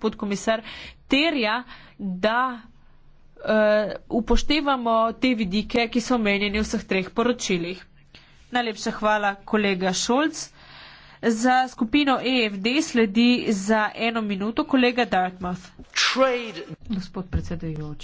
gospod komisar, terja, da uh, upoštevamo te vidike, ki so omenjeni v vseh treh poročilih. Najlepša hvala, kolega Šolc. Za skupino EFD sledi za eno minuto kolega Dartmouth. Trade. Gospod predsedujoč,